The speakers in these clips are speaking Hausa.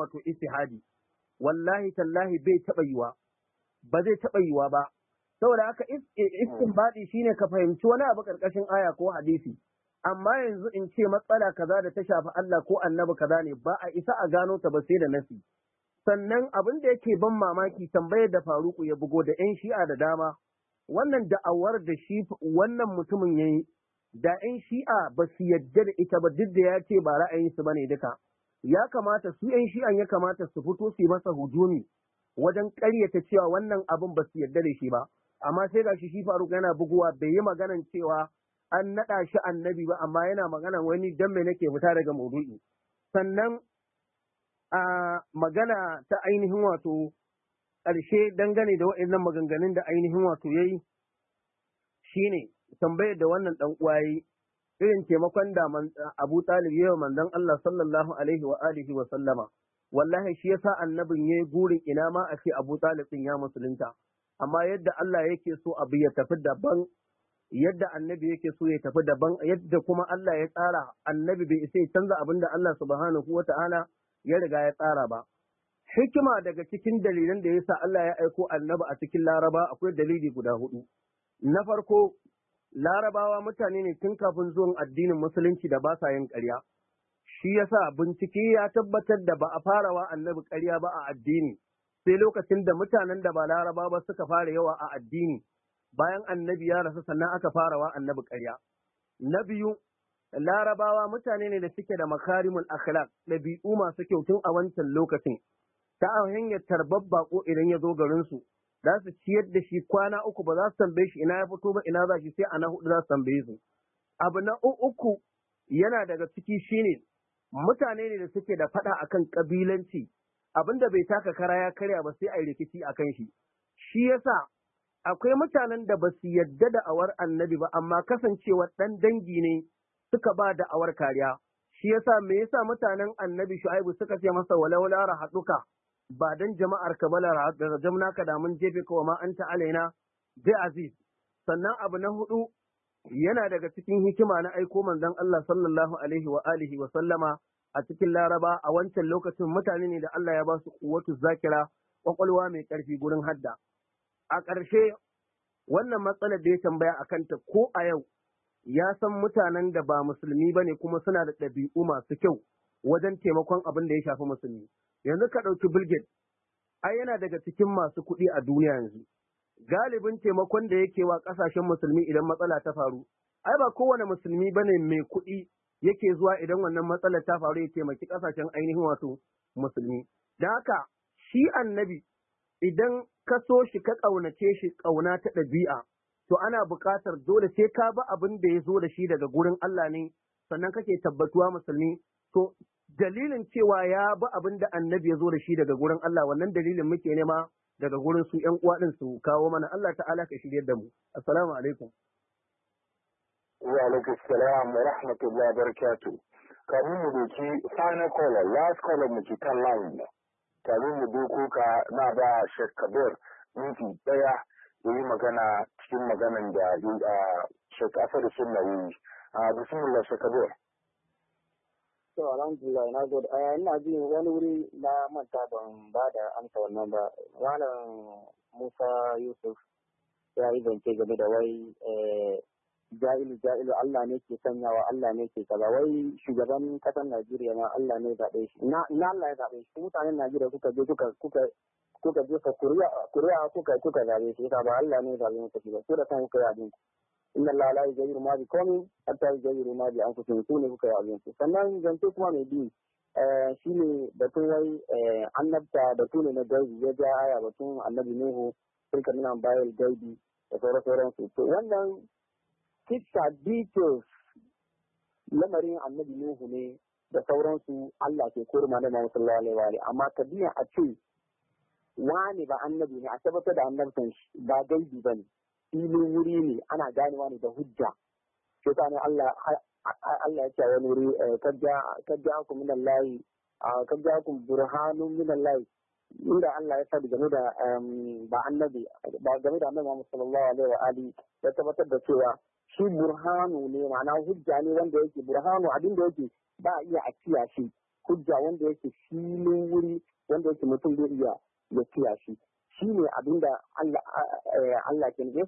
wato istihadi wallahi tallahi bai taɓa yiwa ba zai taɓa yiwa ba saboda haka istinbadi shine ka fahimci wani abu karkashin aya ko hadisi amma yanzu in ce matsala kaza da ta shafi Allah ko annabi kaza ne ba a isa a gano ta ba sai da nasi sannan abin da yake ban mamaki tambayar da faruku ya bugo da yan shi'a da dama wannan da'awar da shi wannan mutumin ya yi, da yan shi'a ba su yadda da ita ba duk da ya ce ba ra'ayinsu ne duka ya kamata su ‘yan shi'an ya kamata su fito su yi masa hujumi wajen karyata cewa wannan abin ba su yarda da shi ba, amma sai ga shi shi Faruk yana buguwa bai yi maganan cewa an naɗa shi annabi ba, amma yana maganan wani dan me nake fita daga maudu'i. Sannan a magana ta ainihin wato ƙarshe dangane da waɗannan maganganun da ainihin wato ya yi, shine tambayar da wannan ɗan uwa irin taimakon da Abu Talib yawa manzon Allah sallallahu alaihi wa alihi wa sallama wallahi shi yasa annabin yayi gurin ina ma a ce Abu Talib ya musulunta amma yadda Allah yake so abu ya tafi daban yadda annabi yake so ya tafi daban yadda kuma Allah ya tsara annabi bai isa ya canza abin da Allah subhanahu wata'ala ya riga ya tsara ba hikima daga cikin dalilan da yasa Allah ya aiko annabi a cikin Laraba akwai dalili guda hudu na farko larabawa mutane ne tun kafin zuwan addinin musulunci da ba sa yin ƙarya shi yasa bincike ya tabbatar da ba a fara wa annabi ƙarya ba a addini sai lokacin da mutanen da ba laraba ba suka fara yawa a addini bayan annabi ya rasu sannan aka fara wa annabi ƙarya na biyu larabawa mutane ne da suke da makarimul akhlaq ɗabi'u masu kyau tun a wancan lokacin ta hanyar tarbar baƙo idan ya zo garinsu za su ciyar da shi kwana uku ba za su tambaye shi ina ya fito ba ina za shi sai ana hudu za su tambaye su abu na uku yana daga ciki shine mutane ne da suke da fada akan kabilanci da bai taka kara ya karya ba sai a yi rikici akan shi shi yasa akwai mutanen da ba su yadda da awar annabi ba amma kasancewa ɗan dangi ne suka ba da awar kariya shi yasa me yasa mutanen annabi shu'aibu suka ce masa walawala haɗuka? ba dan jama'ar da jamna ka da mun jefe ka ma an alaina bi aziz sannan abu na hudu yana daga cikin hikima na aiko manzon Allah sallallahu alaihi wa alihi wa sallama a cikin Laraba a wancan lokacin mutane ne da Allah ya ba su kuwatu zakira kwakwalwa mai ƙarfi gurin hadda a ƙarshe wannan matsalar da ya tambaya a kanta ko a yau ya san mutanen da ba musulmi ba ne kuma suna da ɗabi'u masu kyau wajen taimakon abin da ya shafi musulmi yanzu ka ɗauki bilgit ai yana daga cikin masu kuɗi a duniya yanzu galibin taimakon da yake wa ƙasashen musulmi idan matsala ta faru ai ba kowane musulmi ne mai kuɗi yake zuwa idan wannan matsalar ta faru ya taimaki ƙasashen ainihin wato musulmi da haka shi annabi idan ka so shi ka ƙaunace shi ƙauna ta ɗabi'a to ana buƙatar dole sai ka ba abin da ya zo da shi daga gurin Allah ne sannan kake tabbatuwa musulmi to dalilin cewa ya bi abin da annabi ya zo da shi daga gurin Allah wannan dalilin muke nema daga gurin su ƴan uwa din su kawo mana Allah ta'ala ka shirye da mu assalamu alaikum wa alaikum assalam wa rahmatullahi wa barakatuh kamin mu doki final caller last caller mu ki ne. Ka kamin mu doko ka na ba Sheikh Kabir minti daya ya magana cikin maganan da Sheikh Asad Sunna yi bismillah Sheikh Kabir To alhamdulillah na gode. Ina jin wani wuri na manta ban ba da amsa wannan ba. Malam Musa Yusuf ya yi zance game da wai eh, ja'ilu ja'ilu Allah ne ke sanyawa Allah ne ke kaza wai shugaban kasar Najeriya ma Allah ne zaɓe shi. Na Allah ya zaɓe shi. Mutanen Najeriya kuka je kuka kuka kuka je ka kuriya kuka kuka zaɓe shi ba Allah ne zaɓe mutum ba. Su da kan kuka yi abin inna Allah la yughayyiru ma biqawmin hatta yughayyiru ma bi anfusihim ne kuka yi abin su sannan zance kuma mai bi eh, shi shine batun wai eh, annabta batu ne na gaibi ya ja aya batun annabi Nuhu tilka min ambayil gaibi da sauran sauran su to wannan kissa details lamarin annabi Nuhu ne da sauransu Allah ke kore ma da Muhammad sallallahu alaihi wa amma tabiya a ce wani ba annabi ne a tabbatar da annabtan shi ba gaibi ba ne. filin wuri ne ana ganewa ne da hujja shi ne Allah ya ce wani wuri eh, Kajja aku layi, Kajja ah, kadda aku burhanun min inda Allah ya sabi game da ba annabi ba game da annabi Muhammad sallallahu alaihi wa ali ya tabbatar da cewa shi burhanu ne ma'ana hujja ne wanda yake burhanu abin da yake ba iya a kiyashi hujja wanda yake filin wuri wanda yake mutum zai iya ya kiyashi shi ne abin da eh, Allah ke nufi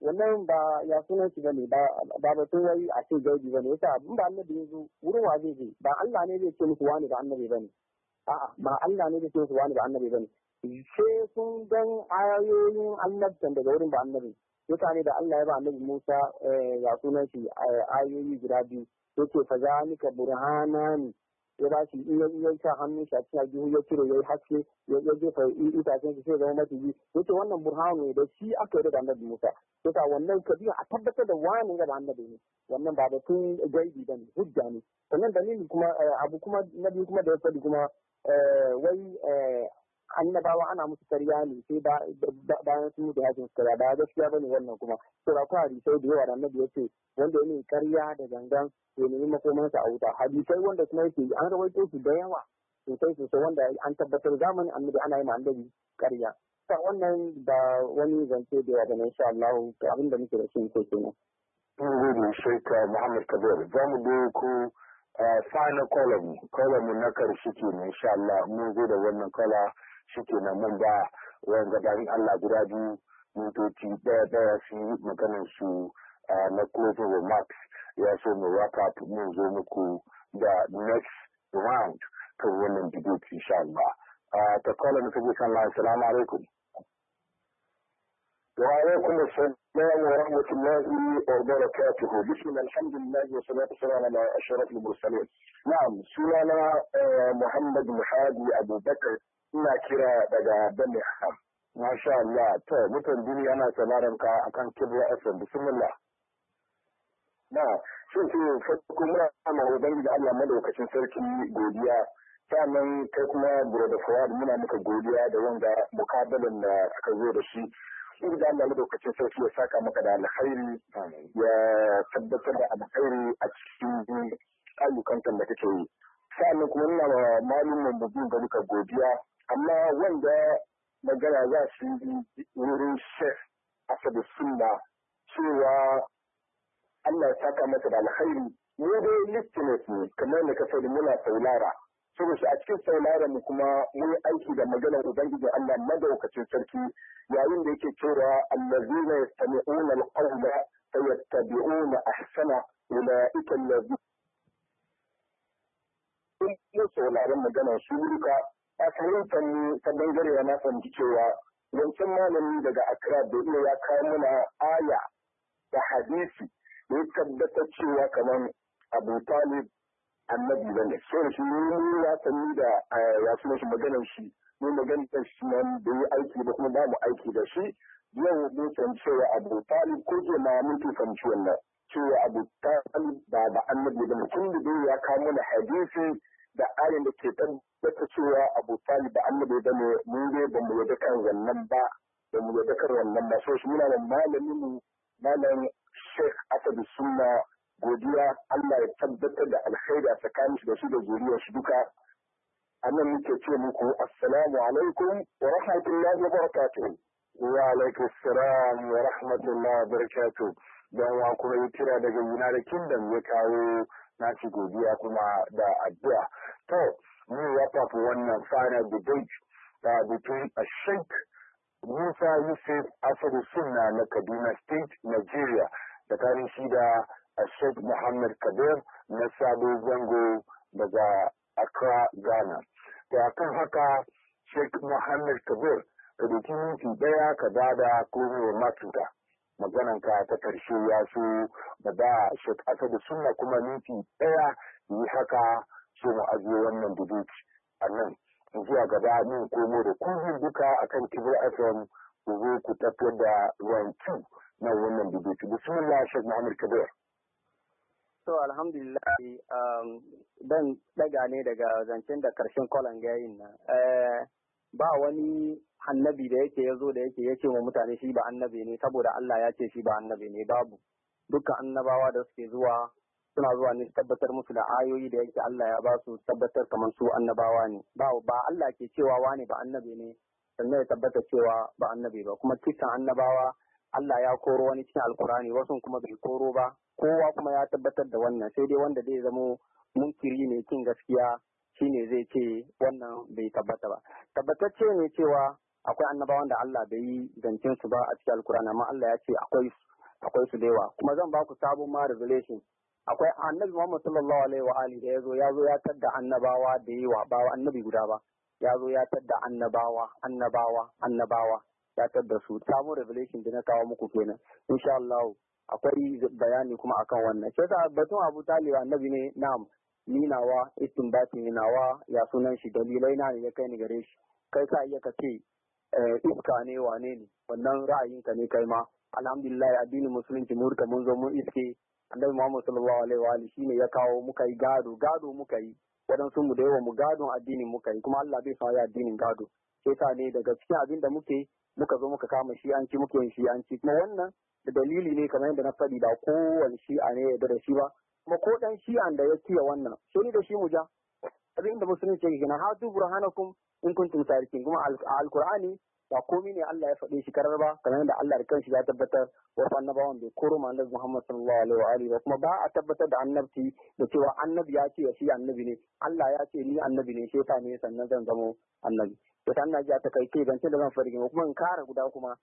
wannan ba ya sunan shi bane ba ba batun wai a ce gaibi bane yasa abin da annabi ya zo wurin wa zai je ba Allah ne zai ce muku wani da annabi bane a'a ba Allah ne zai ce muku wani da annabi bane sai sun dan ayoyin annabtan daga wurin ba annabi yasa ne da Allah ya ba annabi Musa eh, ya sunan shi eh, ayoyi guda biyu yake fa zalika burhanani ya ba shi iya iya sa hannun shi a cikin aljihu ya ciro ya yi haske ya jefa itacen shi sai zama maciji yace wannan burhanu ne da shi aka yi da annabi Musa yasa wannan kabila a tabbatar da wani ga annabi ne wannan ba tun gaibi ba hujja ne sannan dalili kuma eh, abu kuma na biyu kuma da ya faɗi kuma eh, wai eh, annabawa ana musu karya ne sai bayan sun mutu hajjin su karya ba gaskiya bane wannan kuma to ba ku hadisai da yawa da annabi ya ce wanda ya nemi karya da gangan ya nemi makomansa a wuta hadisai wanda kuma yake an rawaito su da yawa sosai sosai wanda an tabbatar zamani annabi ana yi ma annabi karya ta wannan ba wani zance da yawa da na insha Allah abin da muke da shi ko ne Gode Sheikh Muhammad Kabir za mu biyo ku eh, final column column na karshe ke insha Allah mun zo da wannan kala suke nan mun ba wayan gadan Allah guda biyu mintoci daya da su yi maganin su na closing remarks ya so mu wrap up mun zo muku da next round to wannan debate insha Allah ta kola mu tabi kan Allah assalamu alaikum wa alaikum assalam wa rahmatullahi wa barakatuh bismillah alhamdulillah wa salatu wassalamu ala ashrafil mursalin na'am sunana eh, muhammad muhadi abubakar ina kira daga Birmingham. Masha Allah, to mutan duniya na sauraron ka akan Kibra FM. Bismillah. Na, shin ki farko muna ma Ubangiji Allah madaukakin sarki godiya. Sannan kai kuma Brother Fawad muna maka godiya da wanda mukabalin da aka zo da shi. in da Allah lokacin sarki ya saka maka da alkhairi ya tabbatar da alkhairi a cikin ayyukan da kake yi. sannan kuma ina ma malumin mu godiya amma wanda magana za su yi wurin shek asadu sunna cewa Allah ya saka mata da alkhairi ne dai listeners ne kamar da ka faɗi muna saulara saboda a cikin saulara mu kuma mun aiki da maganar ubangiji Allah madaukacin sarki yayin da yake cewa allazina yastami'una alqawla fayattabi'una ahsana ulaika allazina mun sauraron maganar su a fahimta ne ta bangare na fahimci cewa wancan malami daga Accra da iya ya kawo mana aya da hadisi ya tabbata cewa kamar Abu Talib annabi bane so shi ne ya sani da eh, ya suna shi maganar shi ne maganar shi nan da yi aiki da kuma ba mu aiki da shi yau mun san cewa Abu Talib ko ke ma mun fahimci wannan cewa Abu Talib ba da annabi bane tun da ya kawo mana hadisi da ayin da ke ta cewa abu talib annabi da ne mun dai ba mu yadda kan wannan ba da mu yadda kan wannan ba so shi muna da malamin mu malam Sheikh Asadu Sunna godiya Allah ya tabbatar da alkhairi a tsakanin su da su da zuriyar su duka annan muke ce muku assalamu alaikum wa rahmatullahi wa barakatuh wa alaikum assalam wa rahmatullahi wa barakatuh dan wa kuma kira daga United Kingdom ya kawo na ci godiya kuma da addu'a to mu ya up wannan final debate da uh, between a sheikh Musa Yusuf Asadu Sunna na Kaduna State, Nigeria, da tsakanin shi da Sheikh Muhammad Kabir na Sabo Zango daga Accra, Ghana. Da akan haka Sheikh Muhammad Kabir, ka doki minti daya ka bada komai wa maganan ka ta karshe ya so da ba shi da sunna kuma minti ɗaya yi haka so mu ajiye wannan debate a nan zuwa gaba ni komo da kungin duka akan kibir fm ku zo ku tafiyar da round two na wannan debate bismillah shek muhammad kabir to alhamdulillah dan um, daga ne daga zancen da karshen kolon na nan eh, ba wani annabi da yake ya zo da yake ya ce wa mutane shi ba annabi ne saboda Allah ya ce shi ba annabi ne babu dukkan annabawa da suke zuwa suna zuwa ne tabbatar musu da ayoyi da yake Allah ya ba su tabbatar kamar su annabawa ne ba ba Allah ke cewa wane ba annabi ne sannan ya tabbata cewa ba annabi ba kuma cikin annabawa Allah ya koro wani cikin alkurani wasu kuma bai koro ba kowa kuma ya tabbatar da wannan sai dai wanda zai zamo munkiri ne kin gaskiya ne zai ce wannan bai tabbata ba tabbatacce ne cewa akwai annabawan da Allah bai yi zancen su ba a cikin alkur'ani amma Allah ya ce akwai su akwai su dewa kuma zan ba ku sabon ma revelation akwai annabi Muhammad sallallahu alaihi wa alihi da yazo yazo ya tadda annabawa da yawa ba annabi guda ba yazo ya tadda annabawa annabawa annabawa ya tadda su sabon revelation da na kawo muku kenan insha Allah akwai bayani kuma akan wannan sai batun Abu Talib annabi ne na'am ni nawa istinbati nawa ya sunan shi dalilai na ne ya kai ni gare shi kai ka iya ka ce eh, iska ne wane ne wannan ra'ayinka ne kai ma alhamdulillah addinin musulunci mu rika mun zo mun iske annabi Muhammad sallallahu alaihi wa alihi shine ya kawo muka yi gado gado muka yi waɗansu mu da yawa mu gadon addinin muka yi kuma Allah bai sa addinin gado sai ta ne daga cikin abin da muke muka zo muka kama shi an ci muke yin shi an ci kuma wannan da dalili ne kamar yadda na faɗi da kowane shi'a ne ya da shi ba kuma ko dan shi'an da ya kiya wannan sai da shi mu ja abin da musulunci yake kenan hatu burhanakum in kuntum sadiqin kuma alqur'ani ba komi ne Allah ya faɗe shi karar ba kamar yadda Allah da kanshi ya tabbatar wa annabawan bai koro ma annabi Muhammad sallallahu alaihi wa alihi ba kuma ba a tabbatar da annabci da cewa annabi ya ce shi annabi ne Allah ya ce ni annabi ne ta ne sannan zan zamo annabi to ta ya ta kai kai ce da zan farge kuma in kara guda kuma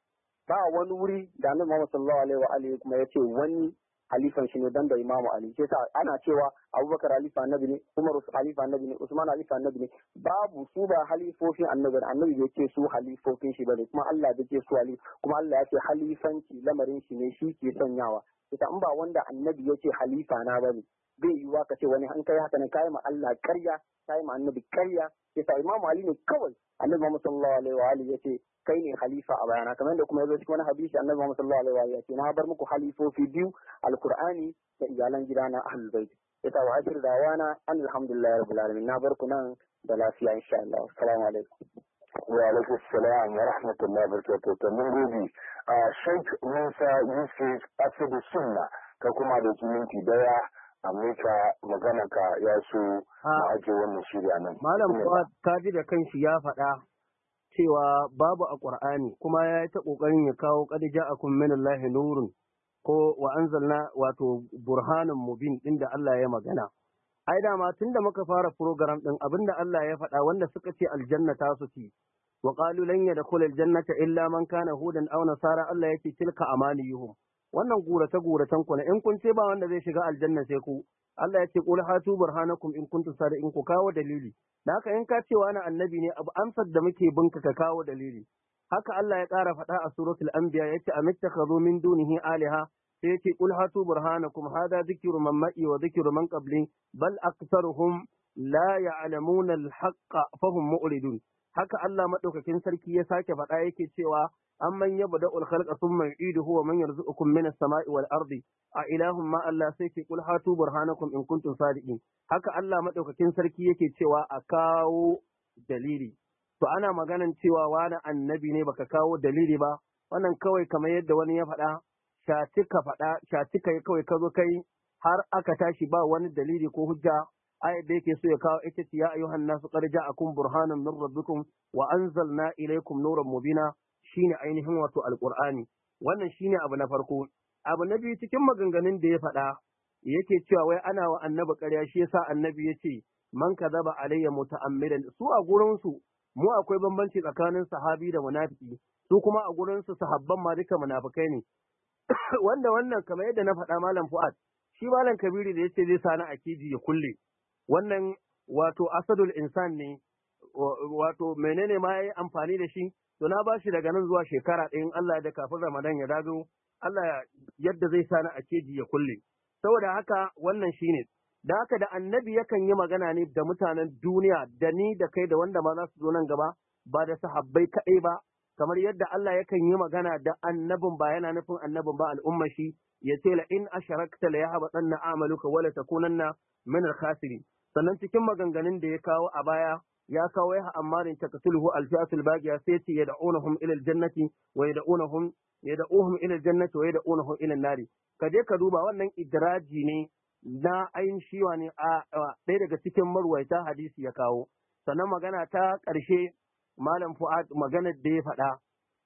ba wani wuri da annabi Muhammad sallallahu alaihi wa alihi kuma ya ce wani halifan shi ne dan da imamu Ali sai ana cewa Abubakar halifa annabi ne Umar halifa annabi ne Usman halifa annabi ne babu su ba halifofin annabi annabi bai ce su halifofin shi bane kuma Allah bai ce su ali kuma Allah ya ce halifanci lamarin shi ne shi ke sanyawa ita in ba wanda annabi ya ce halifa na bane bai yiwuwa ka ce wani an kai haka ne kai ma Allah karya sai ma annabi karya yasa imamu ali ne kawai annabi muhammad sallallahu alaihi wa alihi yace kai ne Khalifa a bayana kamar yadda kuma yazo cikin wani hadisi annabi muhammad sallallahu alaihi wa alihi yace na bar muku halifofi biyu alqur'ani da iyalan gidana ahlul bait ita wa ashir dawana alhamdulillah rabbil alamin na bar ku nan da lafiya insha Allah assalamu alaikum wa alaikum assalam wa rahmatullahi wa barakatuh mun gobe a ah, Sheikh Musa Yusuf Asidu Sunna ka kuma da minti daya amma ka magana ka ya so ah. a ake wannan shirya nan. Malam kuwa ta ji da kanshi ya faɗa cewa babu a Ƙur'ani kuma ya yi ta ƙoƙarin ya kawo qad a minallahi nurun ko wa anzalna wato burhanin mubin din da Allah ya magana. Ai dama tun da muka fara program abin da Allah ya faɗa wanda suka ce aljanna ta su ci wa da kula aljanna ta illa man kana hudan Auna, nasara Allah ya yake tilka amaniyuhum. wannan gurace guracen ku ne in kun ce ba wanda zai shiga aljanna sai ku Allah ya ce qul hatu burhanakum in kuntum in ku kawo dalili da haka in ka ce annabi ne abu amsar da muke binka ka kawo dalili haka Allah ya ƙara faɗa a suratul anbiya yace amittakhadhu min dunihi aliha sai yace qul hatu burhanakum hada dhikru man ma'i wa dhikru man qabli bal aktharuhum la ya'lamuna al-haqqa fahum mu'ridun haka Allah Maɗaukakin sarki ya sake faɗa yake cewa amman yabda'ul khalqa mai yu'iduhu wa man yarzuqukum minas sama'i wal ardi a ilahun ma Allah sai ke kul hatu burhanakum in kuntum sadiqin haka Allah Maɗaukakin sarki yake cewa a kawo dalili to ana maganan cewa wani annabi ne baka kawo dalili ba wannan kawai kamar yadda wani ya faɗa shatika faɗa shatika kawai ka zo kai har aka tashi ba wani dalili ko hujja ayat da yake so ya kawo ita ce ya ayyuhan nasu qad ja'akum burhanan min rabbikum wa anzalna ilaykum nuran mubina shine ainihin wato alqur'ani wannan shine abu na farko abu na biyu cikin maganganun da ya faɗa yake cewa wai ana wa annabi ƙarya shi yasa annabi ya ce man kadaba alayya muta'ammidan su a gurin su mu akwai bambanci tsakanin sahabi da munafiki su kuma a gurin sahabban ma duka munafikai ne wanda wannan kamar yadda na faɗa malam fuad shi malam kabiru da yace zai sani a kiji ya kulle wannan wato asadul insan ne wato menene ma yayi amfani da shi to na ba shi daga nan zuwa shekara ɗin, Allah da kafin Ramadan ya dazo Allah yadda zai sani a keji ya kulle saboda haka wannan shine da haka da annabi yakan yi magana ne da mutanen duniya da ni da kai da wanda ma za su zo nan gaba ba da sahabbai kaɗai ba kamar yadda Allah yakan yi magana da annabin ba yana nufin annabin ba al'umma shi ya ce la in asharakta la yahbatanna amaluka wa ta, takunanna min al-khasirin sannan cikin maganganun da ya kawo a baya ya kawo ya ta takatulhu alfiatul bagiya sai ce ya da'unahum ila aljannati wa ya da'unahum ya da'uhum ila aljannati wa ya da'unahum ila nari ka je ka duba wannan idraji ne na ayin shiwa ne a ɗaya daga cikin marwaita hadisi ya kawo sannan magana ta ƙarshe malam fu'ad magana da ya faɗa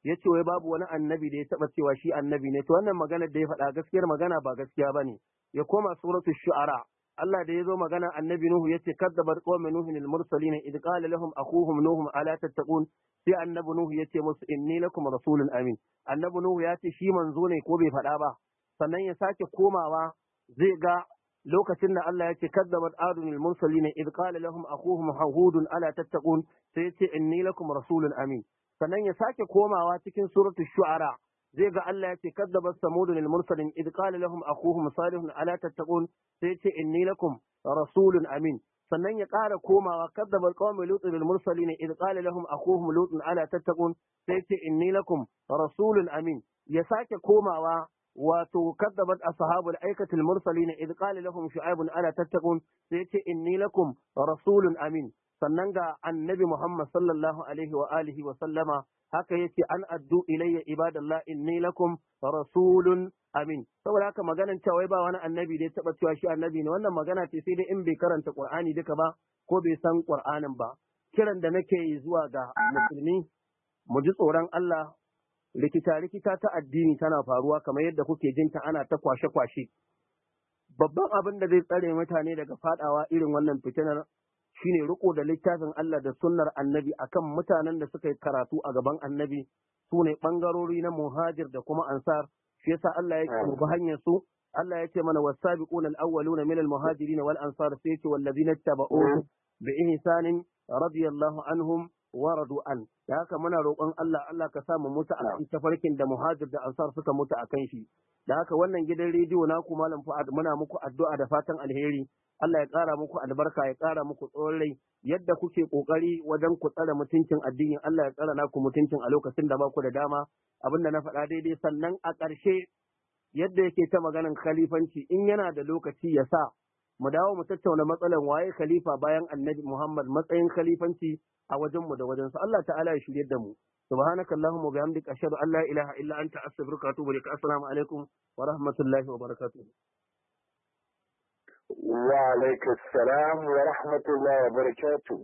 ya ce wai babu wani annabi da ya taɓa cewa shi annabi ne to wannan maganar da ya faɗa gaskiyar magana ba gaskiya ba ne ya koma suratul shu'ara Allah da ya zo magana annabi Nuhu ya ce kaddabar qaumu Nuhin al-mursalin id qala lahum akhuhum Nuhum ala tattaqun sai annabi Nuhu ya ce musu inni lakum rasulun amin annabi Nuhu ya ce shi manzo ne ko bai faɗa ba sannan ya sake komawa zai ga lokacin da Allah ya ce kaddabat adun al-mursalin id qala lahum akhuhum hudun ala tattaqun sai ya ce inni lakum rasulun amin sannan ya sake komawa cikin suratul shu'ara zai ga Allah ya ce kaddaba samudun lil mursalin id qala lahum akhuhum salihun ala tattaqun sai ce inni lakum rasulun amin sannan ya ƙara komawa kaddaba alqawmi lutun lil mursalin id qala lahum akhuhum lutun ala tattaqun sai ce inni lakum rasulun amin ya sake komawa wato kaddabat ashabul aikatil mursalin id qala lahum shu'aibun ala tattaqun sai ce inni lakum rasulun amin sannan ga annabi Muhammad sallallahu alaihi wa alihi wa sallama haka yace an addu ilayya ibadallah inni lakum rasulun amin saboda haka maganan cewa wai ba wani annabi da ya taba cewa shi annabi ne wannan magana ce sai dai in bai karanta Qur'ani duka ba ko bai san Qur'anin ba kiran da nake yi zuwa ga musulmi mu ji tsoron Allah rikita rikita ta addini tana faruwa kamar yadda kuke jinta ana ta kwashe kwashe babban abin da zai tsare mutane daga fadawa irin wannan fitinar shine riko da littafin Allah da sunnar annabi akan mutanen da suka yi karatu a gaban annabi su ne ɓangarori na muhajir da kuma ansar shi yasa Allah ya kurbi hanyar su Allah ya ce mana wasabiquna al-awwaluna min al muhajiri wal ansar sai ce wallazina tabauhu bi ihsanin radiyallahu anhum wa radu an da haka muna roƙon Allah Allah ka samu mutu a tafarkin da muhajir da ansar suka mutu a kan shi da haka wannan gidan rediyo na ku malam Fuad muna muku addu'a da fatan alheri Allah ya ƙara muku albarka ya ƙara muku tsawon rai yadda kuke ƙoƙari wajen ku tsare mutuncin addini, Allah ya tsara naku mutuncin a lokacin da ba ku da dama abin da na faɗa daidai sannan a ƙarshe yadda yake ta maganan khalifanci in yana da lokaci ya sa mu dawo mu tattauna matsalan waye khalifa bayan annabi Muhammad matsayin khalifanci a wajenmu da wajen su? Allah ta'ala ya shirye da mu. subhanakallahumma mu bihamdika ashhadu an la ilaha illa anta astaghfiruka wa atubu ilaik assalamu alaikum wa rahmatullahi wa barakatuh wa alaikum assalam wa rahmatullahi wa barakatuh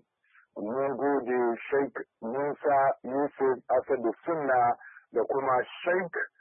mun Sheikh Musa Yusuf Asadu Sunna da kuma Sheikh